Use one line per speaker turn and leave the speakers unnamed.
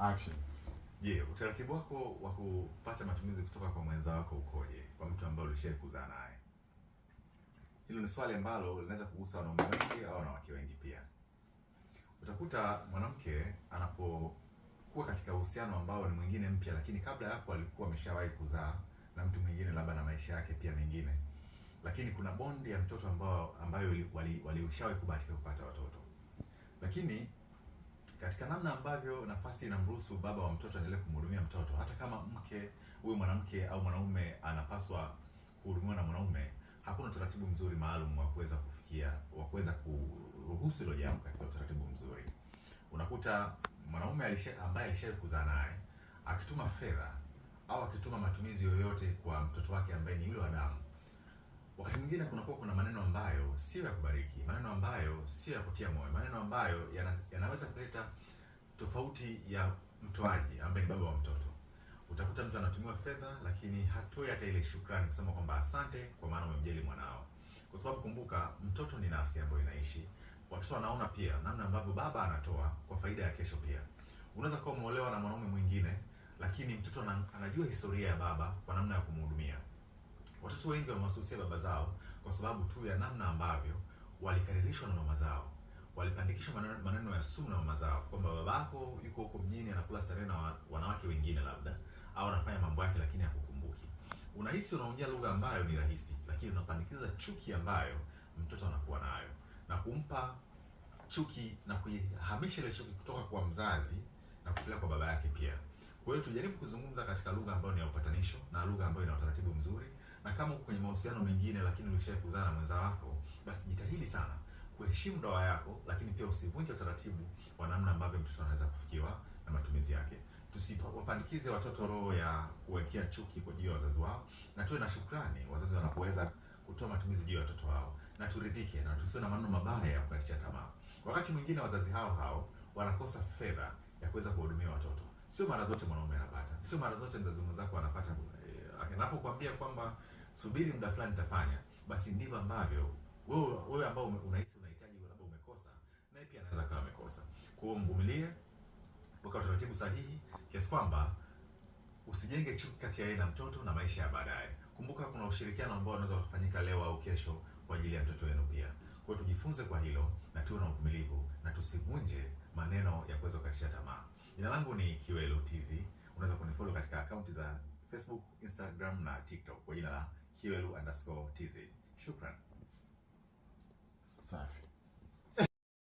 Action.
Je, yeah, utaratibu wako wa kupata matumizi kutoka kwa mwenza wako ukoje? Kwa mtu ambaye ulishawahi kuzaa naye. Hilo ni swali ambalo linaweza kugusa wanaume wengi au wanawake wengi pia. Utakuta mwanamke anapokuwa katika uhusiano ambao ni mwingine mpya, lakini kabla ya hapo alikuwa ameshawahi kuzaa na mtu mwingine, labda na maisha yake pia mengine, lakini kuna bondi ya mtoto ambao ambayo walishawahi wali kubahatika kupata watoto, lakini katika namna ambavyo nafasi inamruhusu baba wa mtoto aendelee kumhudumia mtoto, hata kama mke huyu mwanamke au mwanaume anapaswa kuhudumiwa na mwanaume, hakuna utaratibu mzuri maalum wa kuweza kufikia wa kuweza kuruhusu hilo jambo katika utaratibu mzuri. Unakuta mwanaume alisha ambaye alishawahi kuzaa naye akituma fedha au akituma matumizi yoyote kwa mtoto wake ambaye ni yule wa damu wakati mwingine kunakuwa kuna maneno ambayo sio ya kubariki, maneno ambayo sio ya kutia moyo, maneno ambayo yanaweza kuleta tofauti ya mtoaji ambaye ni baba wa mtoto. Utakuta mtu anatumiwa fedha, lakini hatoi hata ile shukrani kusema kwamba asante kwa maana umemjali mwanao, kwa sababu kumbuka, mtoto ni nafsi ambayo inaishi. Watoto wanaona pia namna ambavyo baba anatoa kwa faida ya kesho. Pia unaweza kuwa umeolewa na mwanaume mwingine, lakini mtoto anajua historia ya baba kwa namna ya kumhudumia. Watoto wengi wamewasusia baba zao kwa sababu tu ya namna ambavyo walikaririshwa na mama zao, walipandikishwa maneno ya sumu na mama zao, kwamba babako yuko huko mjini anakula starehe na wanawake wengine labda, au anafanya mambo yake lakini hakukumbuki. Unahisi unaongea lugha ambayo ni rahisi, lakini unapandikiza chuki ambayo mtoto anakuwa nayo na kumpa chuki na kuihamisha ile chuki kutoka kwa mzazi na kupeleka kwa baba yake pia. Kwa hiyo tujaribu kuzungumza katika lugha ambayo ni ya upatanisho na lugha ambayo ina utaratibu mzuri kama uko kwenye mahusiano mengine lakini ulishawahi kuzaa na mwenza wako, basi jitahidi sana kuheshimu ndoa yako, lakini pia usivunje utaratibu wa namna ambavyo mtoto anaweza kufikiwa na matumizi yake. Tusiwapandikize watoto roho ya kuwekea chuki kwa juu ya wazazi wao, na tuwe na shukrani wazazi wanapoweza kutoa matumizi juu ya watoto wao, na turidhike na tusiwe na maneno mabaya ya kukatisha tamaa. Wakati mwingine wazazi hao hao wanakosa fedha ya kuweza kuwahudumia watoto. Sio mara zote mwanaume anapata, sio mara zote mzazi mwenzako anapata. Eh, anapokuambia kwamba subiri muda fulani nitafanya. Basi ndivyo ambavyo wewe wewe ambao unahisi unahitaji labda umekosa, na pia anaweza kawa amekosa. Kwa hiyo mvumilie, weka utaratibu sahihi kiasi kwamba usijenge chuki kati ya yeye na mtoto na maisha ya baadaye. Kumbuka kuna ushirikiano ambao unaweza kufanyika leo au kesho kwa ajili ya mtoto wenu pia. Kwa hiyo tujifunze kwa hilo na tuwe na uvumilivu na tusivunje maneno ya kuweza kukatisha tamaa. Jina langu ni Kiwelo Tizi. Unaweza kunifollow katika akaunti za Facebook, Instagram na TikTok kwa jina la Kiwelu underscore tz. Shukran. Safi.